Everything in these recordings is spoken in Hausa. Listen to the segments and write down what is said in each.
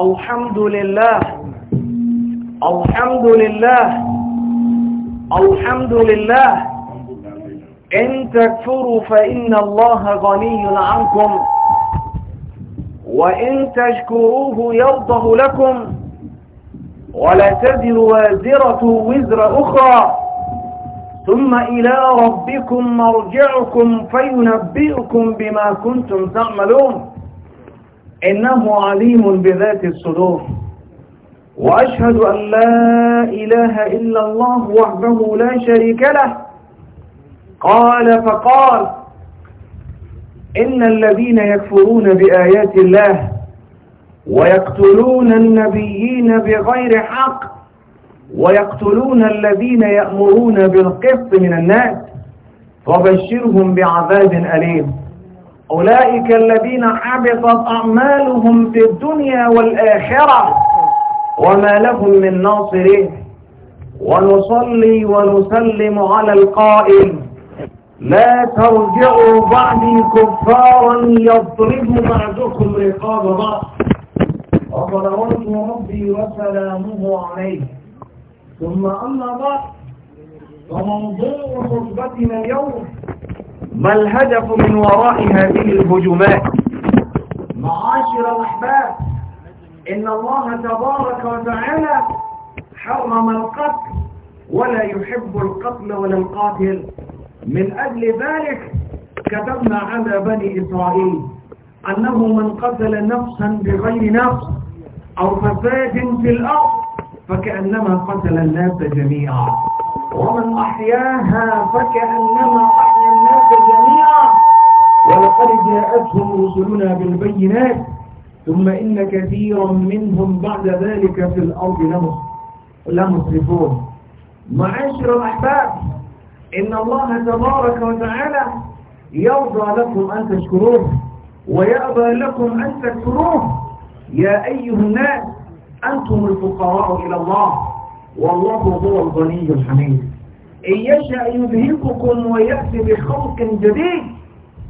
الحمد لله الحمد لله الحمد لله إن تكفروا فإن الله غني عنكم وإن تشكروه يرضه لكم ولا تزر وازرة وزر أخرى ثم إلى ربكم مرجعكم فينبئكم بما كنتم تعملون إنه عليم بذات الصدور وأشهد أن لا إله إلا الله وحده لا شريك له قال فقال إن الذين يكفرون بآيات الله ويقتلون النبيين بغير حق ويقتلون الذين يأمرون بالقسط من الناس فبشرهم بعذاب أليم أولئك الذين حبطت أعمالهم في الدنيا والآخرة وما لهم من ناصره ونصلي ونسلم على القائل لا ترجعوا بعدي كفارا يضرب بعدكم رقاب بعض وصلوات ربي وسلامه عليه ثم أما بعد فموضوع خطبتنا اليوم ما الهدف من وراء هذه الهجمات معاشر الأحباب إن الله تبارك وتعالى حرم القتل ولا يحب القتل ولا القاتل من أجل ذلك كتبنا على بني إسرائيل أنه من قتل نفسا بغير نفس أو فساد في الأرض فكأنما قتل الناس جميعا ومن أحياها فكأنما أحياها ولقد جاءتهم رسلنا بالبينات ثم إن كثيرا منهم بعد ذلك في الأرض لمسرفون معاشر الأحباب إن الله تبارك وتعالى يرضى لكم أن تشكروه ويأبى لكم أن تكفروه يا أيها الناس أنتم الفقراء إلى الله والله هو الغني الحميد إن يشأ يذهبكم ويأتي بخلق جديد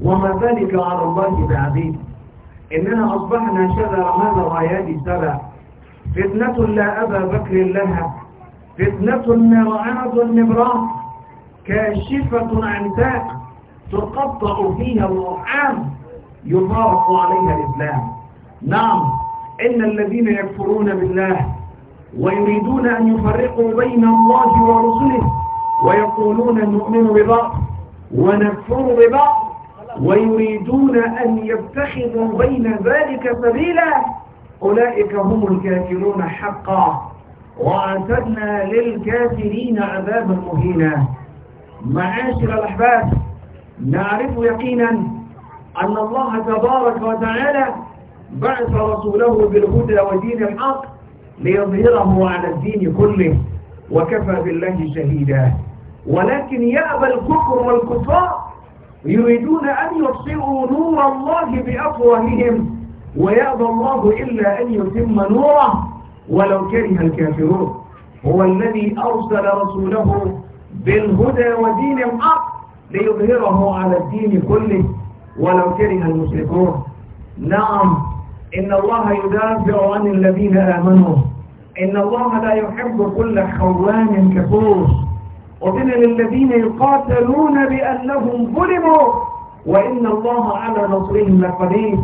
وما ذلك على الله بعزيز إننا أصبحنا شذر ماذا غياد سبع فتنة لا أبا بكر لها فتنة مرعاد نبراء كاشفة عن ساق تقطع فيها الأرحام يطارق عليها الإسلام نعم إن الذين يكفرون بالله ويريدون أن يفرقوا بين الله ورسله ويقولون نؤمن ببعض ونكفر ببعض ويريدون أن يتخذوا بين ذلك سبيلا أولئك هم الكافرون حقا وأعتدنا للكافرين عذابا مهينا معاشر الأحباب نعرف يقينا أن الله تبارك وتعالى بعث رسوله بالهدى ودين الحق ليظهره على الدين كله وكفى بالله شهيدا ولكن يأبى الكفر والكفار يريدون أن يطفئوا نور الله بأفواههم ويأبى الله إلا أن يتم نوره ولو كره الكافرون هو الذي أرسل رسوله بالهدى ودين الحق ليظهره على الدين كله ولو كره المشركون نعم إن الله يدافع عن الذين آمنوا إن الله لا يحب كل خوان كفور ومن للذين يقاتلون بأنهم ظلموا وإن الله على نصرهم لقدير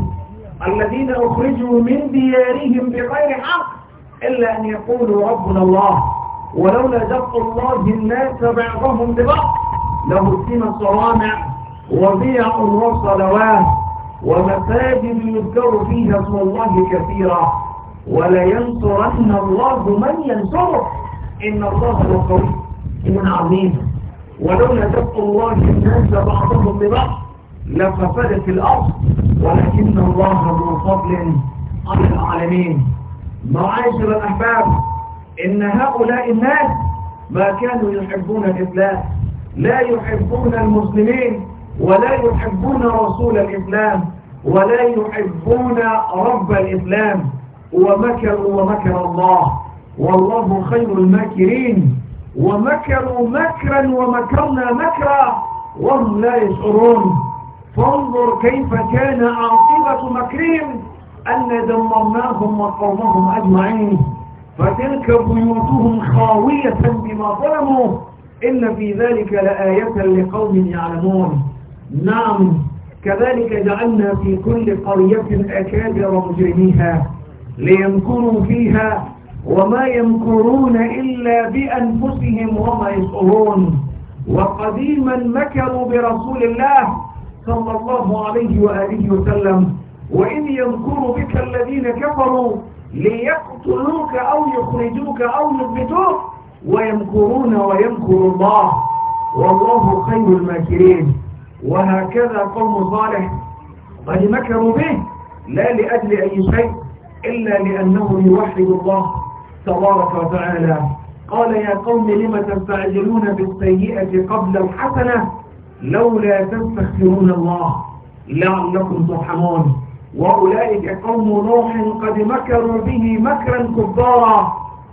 الذين أخرجوا من ديارهم بغير حق إلا أن يقولوا ربنا الله ولولا دفع الله الناس بعضهم ببعض لهزم صوامع وبيع وصلوات ومساجد يذكر فيها اسم الله كثيرا ولينصرن الله من ينصره إن الله لقوي شيء عظيم ولولا تبقى الله الناس بعضهم ببعض لفسدت الأرض ولكن الله ذو فضل على العالمين معاشر الأحباب إن هؤلاء الناس ما كانوا يحبون الإسلام لا يحبون المسلمين ولا يحبون رسول الإسلام ولا يحبون رب الإسلام ومكروا ومكر الله والله خير الماكرين ومكروا مكرا ومكرنا مكرا وهم لا يشعرون فانظر كيف كان عاقبة مكرهم أن دمرناهم وقومهم أجمعين فتلك بيوتهم خاوية بما ظلموا إن في ذلك لآية لقوم يعلمون نعم كذلك جعلنا في كل قرية أكابر مجرميها لينكروا فيها وما يمكرون إلا بأنفسهم وما يشعرون وقديما مكروا برسول الله صلى الله عليه وآله وسلم وإن يمكر بك الذين كفروا ليقتلوك أو يخرجوك أو يثبتوك ويمكرون ويمكر الله والله خير الماكرين وهكذا قوم صالح قد مكروا به لا لأجل أي شيء إلا لأنه يوحد الله تبارك وتعالى قال يا قوم لم تستعجلون بالسيئة قبل الحسنة لولا تستغفرون الله لعلكم ترحمون وأولئك قوم نوح قد مكروا به مكرا كبارا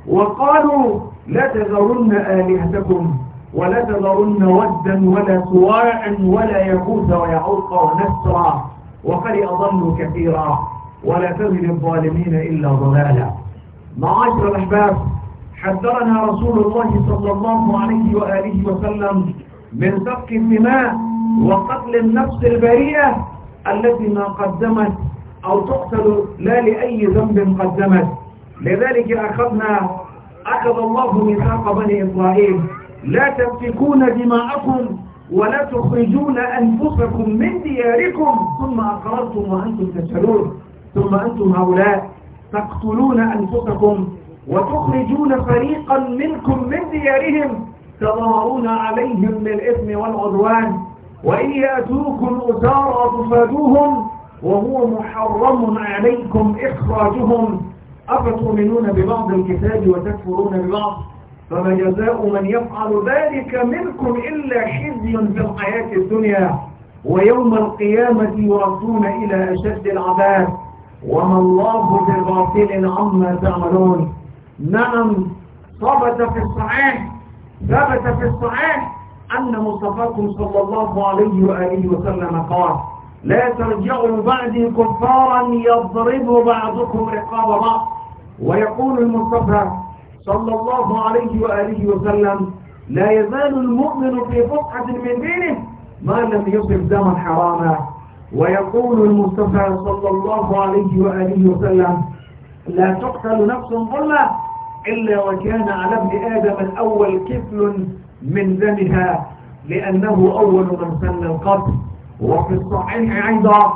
وقالوا لا تذرن آلهتكم ولا تذرن ودا ولا سواعا ولا يغوث ويعوق ونسرا وقد أضلوا كثيرا ولا تزل الظالمين إلا ضلالا معاشر الأحباب حذرنا رسول الله صلى الله عليه وآله وسلم من سفك الدماء وقتل النفس البريئة التي ما قدمت أو تقتل لا لأي ذنب قدمت لذلك أخذنا أخذ الله ميثاق بني إسرائيل لا تسفكون دماءكم ولا تخرجون أنفسكم من دياركم ثم أقررتم وأنتم تشهدون ثم أنتم هؤلاء تقتلون أنفسكم وتخرجون فريقا منكم من ديارهم تظاهرون عليهم بالإثم والعدوان وإن يأتوكم أسارى تفادوهم وهو محرم عليكم إخراجهم أفتؤمنون ببعض الكتاب وتكفرون ببعض فما جزاء من يفعل ذلك منكم إلا خزي في الحياة الدنيا ويوم القيامة يردون إلى أشد العذاب وما الله بغافل عما تعملون نعم ثبت في الصحيح ثبت في الصحيح أن مصطفاكم صلى الله عليه وآله وسلم قال لا ترجعوا بعدي كفارا يضرب بعضكم رقاب بعض ويقول المصطفى صلى الله عليه وآله وسلم لا يزال المؤمن في فقحة من دينه ما لم يصب دما حراما ويقول المصطفى صلى الله عليه وآله وسلم لا تقتل نفس ظلة إلا وكان على ابن آدم الأول كفل من دمها لأنه أول من سن القتل وفي الصحيح أيضا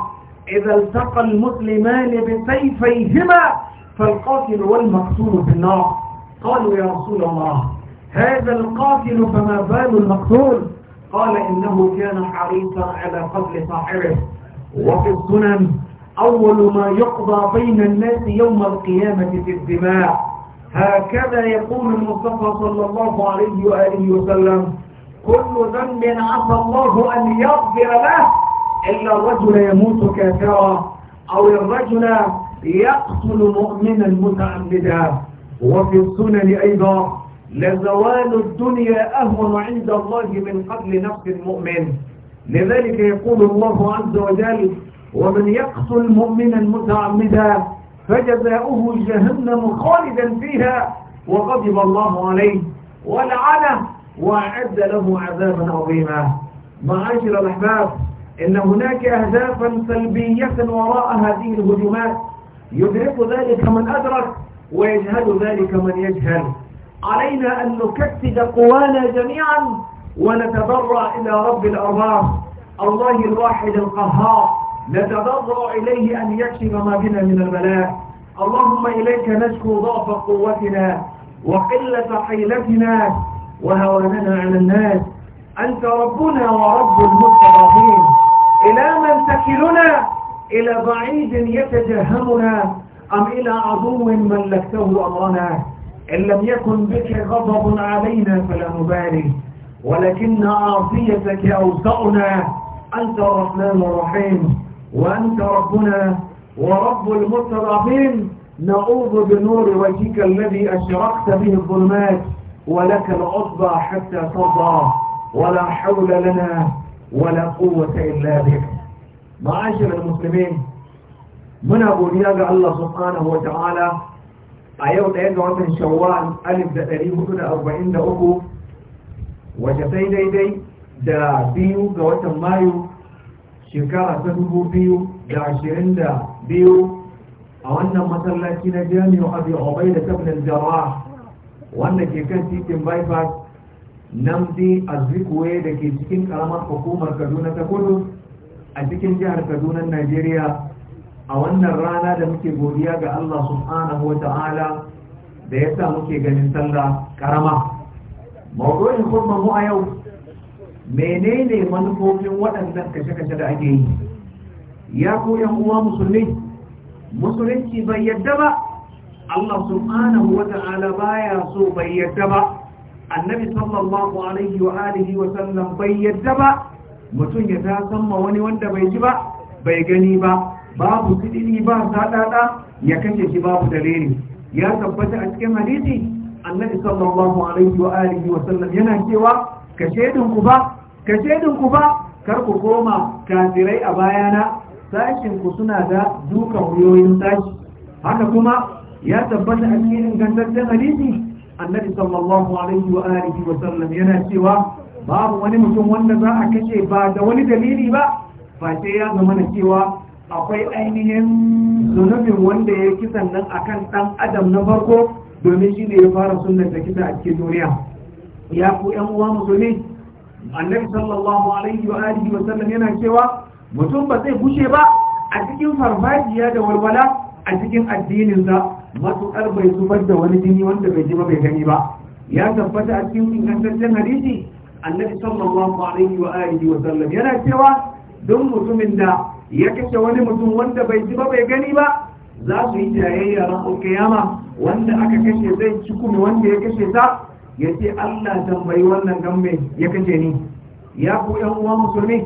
إذا التقى المسلمان بسيفيهما فالقاتل والمقتول في النار قالوا يا رسول الله هذا القاتل فما بال المقتول قال إنه كان حريصا على قتل صاحبه وفي السنن أول ما يقضى بين الناس يوم القيامة في الدماء هكذا يقول المصطفى صلى الله عليه وآله وسلم كل ذنب عسى الله أن يغفر له إلا الرجل يموت كافرا أو الرجل يقتل مؤمنا متعمدا وفي السنن أيضا لزوال الدنيا أهون عند الله من قتل نفس المؤمن لذلك يقول الله عز وجل ومن يقتل مؤمنا متعمدا فجزاؤه جهنم خالدا فيها وغضب الله عليه ولعنه وأعد له عذابا عظيما معاشر الأحباب إن هناك أهدافا سلبية وراء هذه الهجمات يدرك ذلك من أدرك ويجهل ذلك من يجهل علينا أن نكتد قوانا جميعا ونتضرع إلى رب الأرواح الله الواحد القهار نتضرع إليه أن يكشف ما بنا من البلاء اللهم إليك نشكو ضعف قوتنا وقلة حيلتنا وهواننا على الناس أنت ربنا ورب المستضعفين إلى من تكلنا إلى بعيد يتجهمنا أم إلى عدو ملكته أمرنا إن لم يكن بك غضب علينا فلا نبالي ولكن عافيتك أوسعنا أنت الرحمن الرحيم وأنت ربنا ورب المتضعفين نعوذ بنور وجهك الذي أشرقت به الظلمات ولك العصبى حتى ترضى ولا حول لنا ولا قوة إلا بك معاشر المسلمين من أبو رياض الله سبحانه وتعالى أيوة أيضا من شوال ألف دقريب أربعين دقوه wace sai daidai da biyu ga watan mayu shekara ta dubu biyu da ashirin da biyu a wannan masallaci na jami'u abu obai da tabbatar jama'a wanda ke kan titin bypass namdi azikwe da ke cikin karamar hukumar kaduna ta kudu a cikin jihar kaduna najeriya a wannan rana da muke godiya ga allah subhanahu wa ta'ala da ya sa muke ganin sallah karama mawdu'in khutba mu a yau menene manufofin waɗannan kashe-kashe da ake yi ya ko yan uwa musulmi musulunci bai yadda ba Allah subhanahu wa ta'ala baya so bai yadda ba annabi sallallahu alaihi wa alihi wa sallam bai yadda ba mutum ya ta ma wani wanda bai ji ba bai gani ba babu kidini ba sadada ya kashe shi babu dalili ya tabbata a cikin hadisi annabi sallallahu alaihi wa alihi wa sallam yana cewa ka shedin ku ba ka shedin ku ba kar ku koma kafirai a bayana sashin ku suna da dukan wuyoyin sashi haka kuma ya tabbata a cikin ingantaccen hadisi annabi sallallahu alaihi wa alihi wa sallam yana cewa babu wani mutum wanda za a kashe ba da wani dalili ba sai ya zama na cewa akwai ainihin zunubin wanda ya kisan nan akan dan adam na farko domin shi ne ya fara sunan da kisa a cikin duniya ya ku yan uwa musulmi annabi sallallahu alaihi wa alihi wa sallam yana cewa mutum ba zai bushe ba a cikin farfajiya da walwala a cikin addininsa matuƙar bai zubar da wani jini wanda bai ji ba bai gani ba ya tabbata a cikin ingantaccen hadisi annabi sallallahu alaihi wa alihi wa sallam yana cewa don mutumin da ya kashe wani mutum wanda bai ji ba bai gani ba za su yi jayayya ran kiyama wanda aka kashe zai ci kuma wanda ya kashe ta ya ce Allah tambayi wannan gambe ya kashe ni ya ku yan uwa musulmi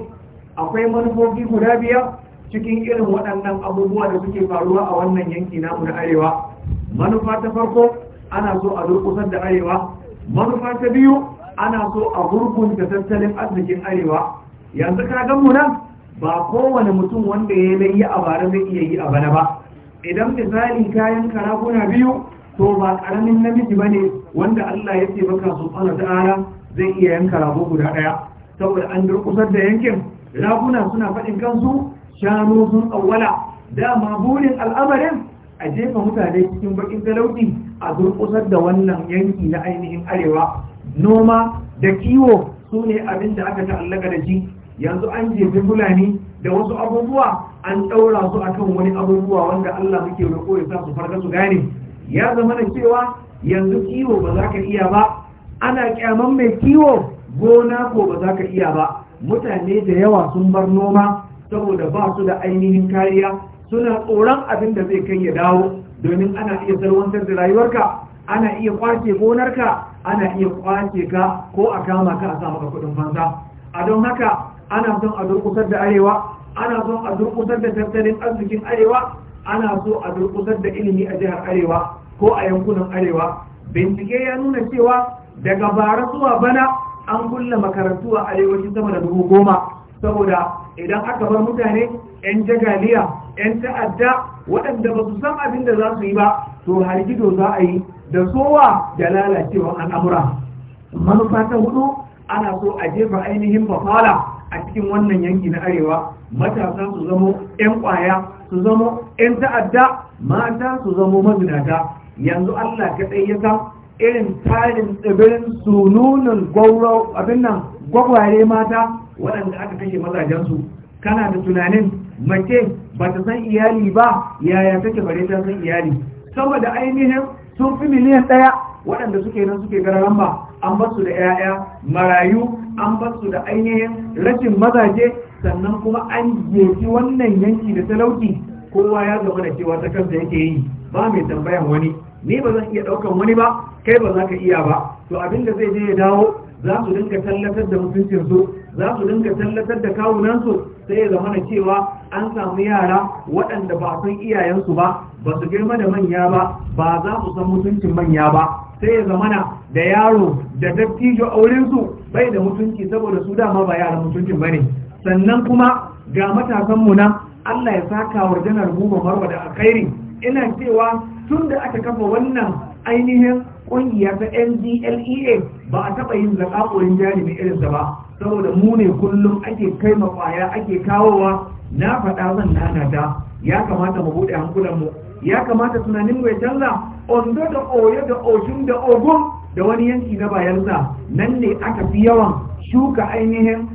akwai manufofi guda biyar cikin irin waɗannan abubuwa da suke faruwa a wannan yanki namu na arewa manufa ta farko ana so a durƙusar da arewa manufa ta biyu ana so a gurgunta tattalin arzikin arewa yanzu ka gan mu nan ba kowane mutum wanda ya yi a bara zai iya yi a bana ba idan misali kayan karaguna biyu to ba karamin namiji bane wanda Allah ya taimaka subhanahu ta'ala zai iya yanka rago guda daya saboda an durkusar da yankin raguna suna faɗin kansu shanu sun awwala Da maburin al'amarin a jefa mutane cikin bakin talauci a durkusar da wannan yanki na ainihin arewa noma da kiwo sune ne abin da aka ta'allaka da ji. yanzu an jefi fulani da wasu abubuwa an ɗaura su a kan wani abubuwa wanda Allah muke roƙo ya sa su farka su gane ya zama da cewa yanzu kiwo ba za ka iya ba ana kyaman mai kiwo gona ko ba za ka iya ba mutane da yawa sun bar noma saboda ba su da ainihin kariya suna tsoron abin da zai kai ya dawo domin ana iya salwantar da rayuwarka ana iya kwace gonarka ana iya kwace ka ko a kama ka a sa maka kuɗin fansa a don haka ana son a durkusar da arewa ana son a durkusar da tattalin arzikin arewa ana so a durkusar da ilimi a jihar arewa ko a yankunan arewa bincike ya nuna cewa daga bara zuwa bana an kulla makarantu a arewacin sama da dubu goma saboda idan aka bar mutane 'yan jagaliya 'yan ta'adda waɗanda ba su san abin da za su yi ba to hargido za a yi da sowa da lalacewa al'amura manufa ta hudu ana so a jefa ainihin bafala a cikin wannan yanki na arewa matasa su zamo 'yan kwaya su zamo 'yan ta'adda mata su zamo mazinata yanzu allah ka ya irin tarin tsibirin sununan gwauro abin gwagware mata waɗanda aka kashe mazajensu kana da tunanin mace ba ta san iyali ba yaya take bare ta san iyali saboda ainihin sun fi miliyan ɗaya waɗanda suke nan suke gararan ba an basu da 'ya'ya marayu an basu da ainihin rashin mazaje sannan kuma an yeki wannan yanki da talauci kowa ya zama da cewa ta kansa yake yi ba mai tambayan wani ni ba zan iya ɗaukan wani ba kai ba za ka iya ba to abin da zai je ya dawo za su dinka tallatar da mutuncinsu za su dinka tallatar da kawunansu sai ya zama cewa an samu yara waɗanda ba san iyayensu ba ba su girma da manya ba ba za su san mutuncin manya ba sai ya zamana da yaro da dattijo aurensu bai da mutunci saboda su dama ba yaran mutuncin bane sannan kuma ga matasan mu nan Allah ya saka wa janar buba marwa da alkhairi ina cewa tun da aka kafa wannan ainihin kungiya ta NDLEA ba a taɓa yin zakakurin irin da ba saboda mu ne kullum ake kai makwaya ake kawowa na faɗa zan nana ya kamata mu buɗe hankulanmu ya kamata tunanin mu ya canza ondo da oyo da oshun da ogun da wani yanki na bayansa nan ne aka fi yawan shuka ainihin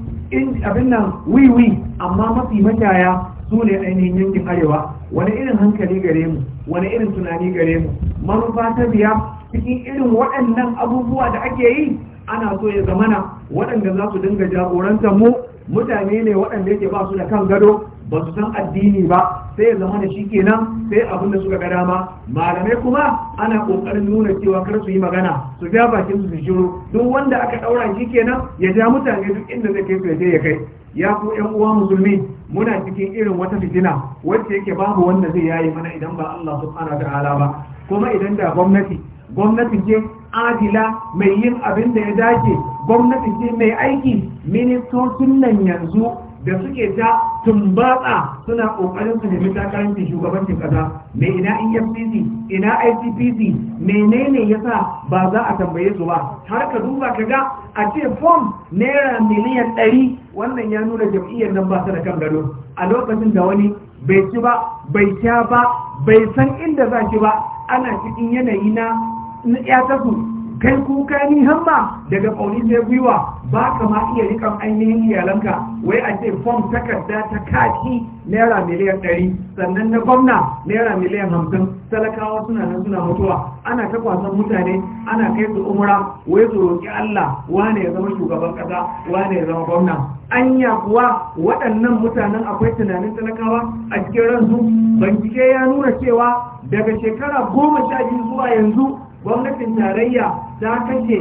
abin nan wiwi amma mafi mataya su ne ainihin yankin arewa wani irin hankali gare mu wani irin tunani gare mu manufa ta biya cikin irin waɗannan abubuwa da ake yi ana so ya zamana waɗanda za su dinga jagorantar mu mutane ne waɗanda yake ba su da kan gado ba su san addini ba sai ya zama da shi kenan sai abin da suka ga dama malamai kuma ana kokarin nuna cewa kar su yi magana su ja bakin su shiru duk wanda aka daura shi kenan ya ja mutane duk inda zai kai su ya ya kai ya ku yan uwa musulmi muna cikin irin wata fitina wacce yake babu wanda zai yayi mana idan ba Allah subhanahu ta'ala ba kuma idan da gwamnati gwamnati ce adila mai yin abin da ya dace gwamnati ce mai aiki ministocin nan yanzu da suke ta tumbatsa suna kokarin su nemi takarancin shugabancin kasa me ina efcc ina icpc menene yasa ba za a tambaye su ba har ka duba ka ga a ce fom naira miliyan ɗari wannan ya nuna jam'iyyar nan ba su da kan gado a lokacin da wani bai ci ba bai sha ba bai san inda za shi ba ana cikin yanayi na ya tasu kai kuka ni hamma daga ƙauni sai gwiwa ba ka ma iya rikan ainihin iyalanka wai a ce fom takarda ta kaki naira miliyan ɗari sannan na gwamna naira miliyan hamsin talakawa suna nan suna mutuwa ana ta kwasan mutane ana kai su umra wai su roƙi Allah wane ya zama shugaban ƙasa wane ya zama gwamna anya kuwa waɗannan mutanen akwai tunanin talakawa a cikin ransu bincike ya nuna cewa daga shekara goma sha biyu zuwa yanzu gwamnatin tarayya ta kashe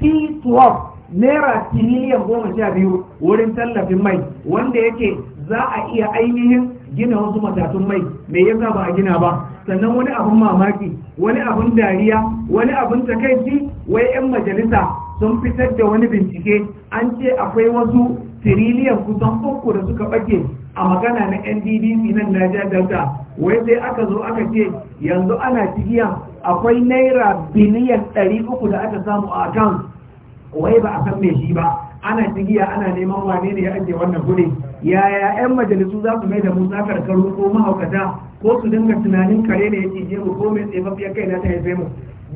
t12 naira tiriliyan goma sha biyu wurin tallafin mai wanda yake za a iya ainihin gina wasu matatun mai mai yasa ba a gina ba sannan wani abin mamaki wani abin dariya wani abin takaici wai 'yan majalisa sun fitar da wani bincike an ce akwai wasu tiriliyan kusan uku da suka bake. a magana na nddc nan naja delta wai sai aka zo aka ce yanzu ana cikiya akwai naira biliyan 300 da aka samu a account wai ba a san me shi ba ana cikiya ana neman wane ne ya ajiye wannan kuɗi yaya 'yan majalisu za su mai da musa karkaru ko mahaukata ko su dinga tunanin kare ne ya cije mu ko mai tsefaffiyar kai na ta haife mu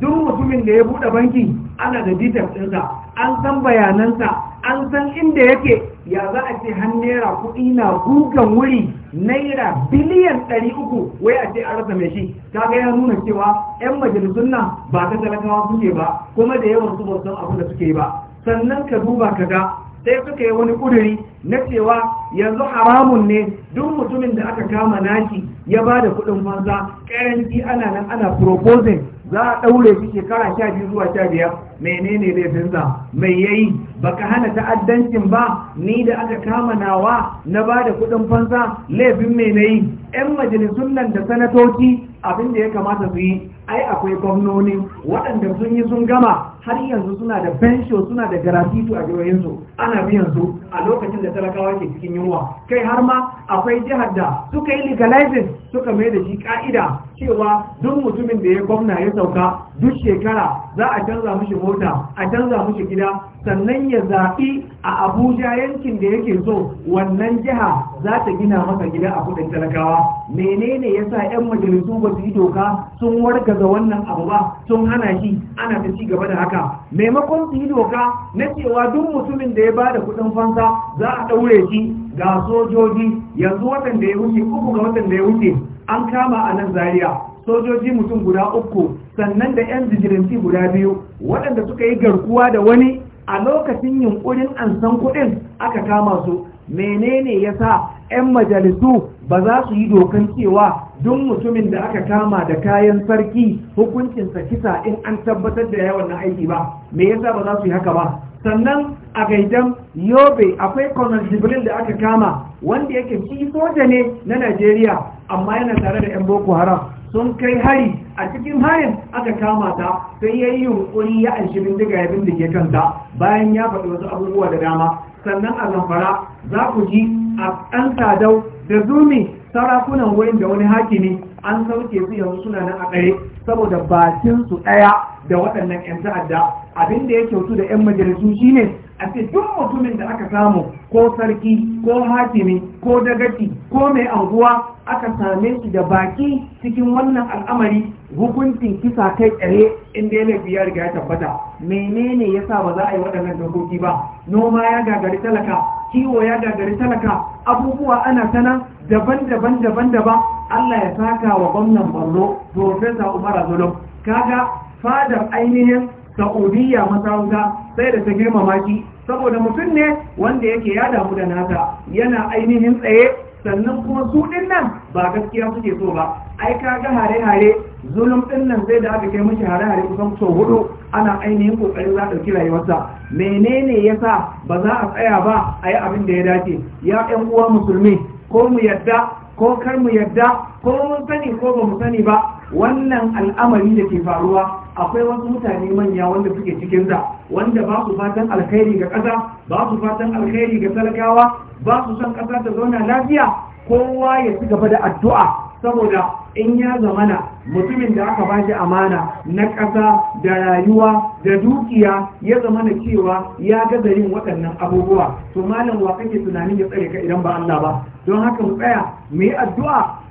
duk mutumin da ya buɗe banki ana da details ɗinsa an san bayanansa an san inda yake ya za a ce han naira kuɗi na gugan wuri naira biliyan ɗari uku wai a ce an rasa mai shi kaga ya nuna cewa 'yan majalisun nan ba ta talakawa suke ba kuma da yawan su ba san da suke ba sannan ka duba ka ga sai suka yi wani ƙuduri na cewa yanzu haramun ne duk mutumin da aka kama naki ya ba da kuɗin fansa ƙaranci ana nan ana proposing za a ɗaure shi shekara sha biyu zuwa sha biyar menene laifinsa mai ya yayi baka hana ta'addancin ba ni da aka kama nawa na ba da kuɗin fansa laifin mai na yi 'yan majalisun nan da sanatoci abin da ya kamata su yi ai akwai gwamnoni waɗanda sun yi sun gama har yanzu suna da bensho suna da garatitu a jihohinsu ana biyan su a lokacin da talakawa ke cikin yunwa kai har ma akwai jihar da suka yi legalizing suka mai da shi ka'ida cewa duk mutumin da ya gwamna ya sauka duk shekara za a canza mishi mota a canza mishi gida sannan ya zaɓi a abuja yankin da yake so wannan jiha za ta gina masa gida a kudin talakawa menene ya sa 'yan majalisu ba su yi doka sun wargaza wannan abu ba sun hana shi ana ta ci gaba da haka maimakon su yi doka na cewa duk mutumin da ya ba da kudin fansa za a ɗaure shi ga sojoji yanzu watan da ya wuce uku ga watan da ya wuce an kama a nan zariya sojoji mutum guda uku sannan da 'yan zigiranci guda biyu waɗanda suka yi garkuwa da wani a lokacin yunkurin an san kuɗin aka kama su menene ya sa 'yan majalisu ba za su yi dokan cewa duk mutumin da aka kama da kayan sarki hukuncinsa kisa in an tabbatar da yawan na aiki ba me yasa ba za su yi haka ba sannan a gaidan yobe akwai kwanar jibril da aka kama wanda yake shi soja ne na najeriya amma yana tare da 'yan boko haram sun kai hari a cikin harin aka kama ta sai ya yi yunkuri ya anshi bindiga ya bindige kanta bayan ya faɗi wasu abubuwa da dama sannan a zamfara za ku ji a ɗan sadau da zumi sarakunan wurin da wani hakimi an sauke su yanzu suna nan a ɗare saboda bakin su ɗaya da waɗannan 'yan ta'adda abin da ya kyautu da 'yan majalisu shine a ce duk mutumin da aka samu ko sarki ko hakimi ko dagaci ko mai anguwa aka same shi da baki cikin wannan al'amari hukuncin kisa kai tsare inda ya laifi ya riga ya tabbata menene ya sa ba za a yi waɗannan dokoki ba noma ya gagari talaka kiwo ya gagari talaka abubuwa ana sana daban-daban daban-daban Allah ya saka wa gwamnan Borno Profesa Umar ka kaga fadar ainihin Saudiya masarauta sai da ta girmama saboda mutum ne wanda yake ya damu da nata yana ainihin tsaye sannan kuma su ɗin nan ba gaskiya suke so ba ai ka ga hare-hare zulum ɗin nan sai da aka kai mashi hare-hare kusan sau hudu ana ainihin kokarin za a ɗauki rayuwarsa menene sa ba za a tsaya ba a yi abin da ya dace ya ƴan uwa musulmi ko mu yadda ko kar mu yadda ko mun sani ko ba mu sani ba wannan al'amari da ke faruwa akwai wasu mutane manya wanda suke cikin da wanda ba su fatan alkhairi ga ƙasa ba su fatan alkhairi ga talakawa ba su son ƙasa ta zauna lafiya kowa ya ci gaba da addu'a saboda in ya zamana mutumin da aka ba shi amana na ƙasa da rayuwa da dukiya ya zamana cewa ya gaza yin waɗannan abubuwa to malam wa kake tunanin ya tsare ka idan ba Allah ba don haka mu tsaya mu yi addu'a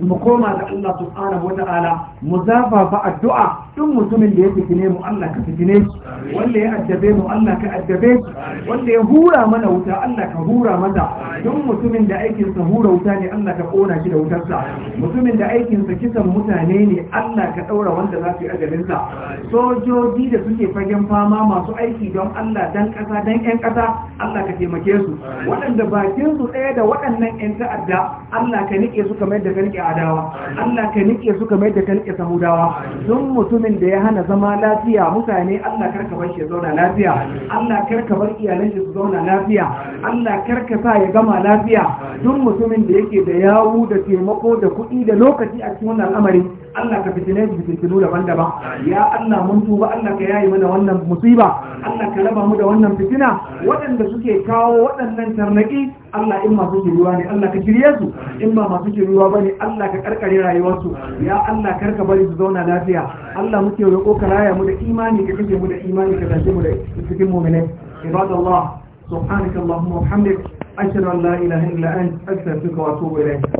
mu koma ga Allah subhanahu wa ta'ala mu zafafa addu'a duk mutumin da ya fitine mu Allah ka fitine shi wanda ya addabe mu Allah ka addabe shi wanda ya hura mana wuta Allah ka hura mata duk mutumin da aikin sa hura wuta ne Allah ka kona shi da wutar sa mutumin da aikin sa kisan mutane ne Allah ka daura wanda za su yi ajalin sa sojoji da suke fagen fama masu aiki don Allah dan kasa dan yan kasa Allah ka taimake su waɗanda bakin su tsaye da waɗannan yan ta'adda Allah ka nike su kamar yadda ka nike adawa Allah ka nike su kamar yadda ka nike sahudawa duk mutumin mutumin da ya hana zama lafiya mutane Allah karka bar shi zauna lafiya Allah karka bar iyalan shi su zauna lafiya Allah karka sa ya gama lafiya duk mutumin da yake da yawu da taimako da kuɗi da lokaci a cikin wannan al'amari Allah ka fitine mu fitinu daban-daban ya Allah mun tuba Allah ka yayi mana wannan musiba Allah ka raba mu da wannan fitina waɗanda suke kawo waɗannan tarnaki Allah in masu kiruwa ne Allah ka kirye su in ba masu kiruwa ba ne Allah ka karkare rayuwarsu ya Allah karka bari su zauna lafiya Allah muke roƙo ka raya mu da imani ka kake mu da imani ka mu da cikin mu'minai ibadallah subhanakallahumma wa bihamdik ashhadu an la ilaha illa anta astaghfiruka wa atubu ilayk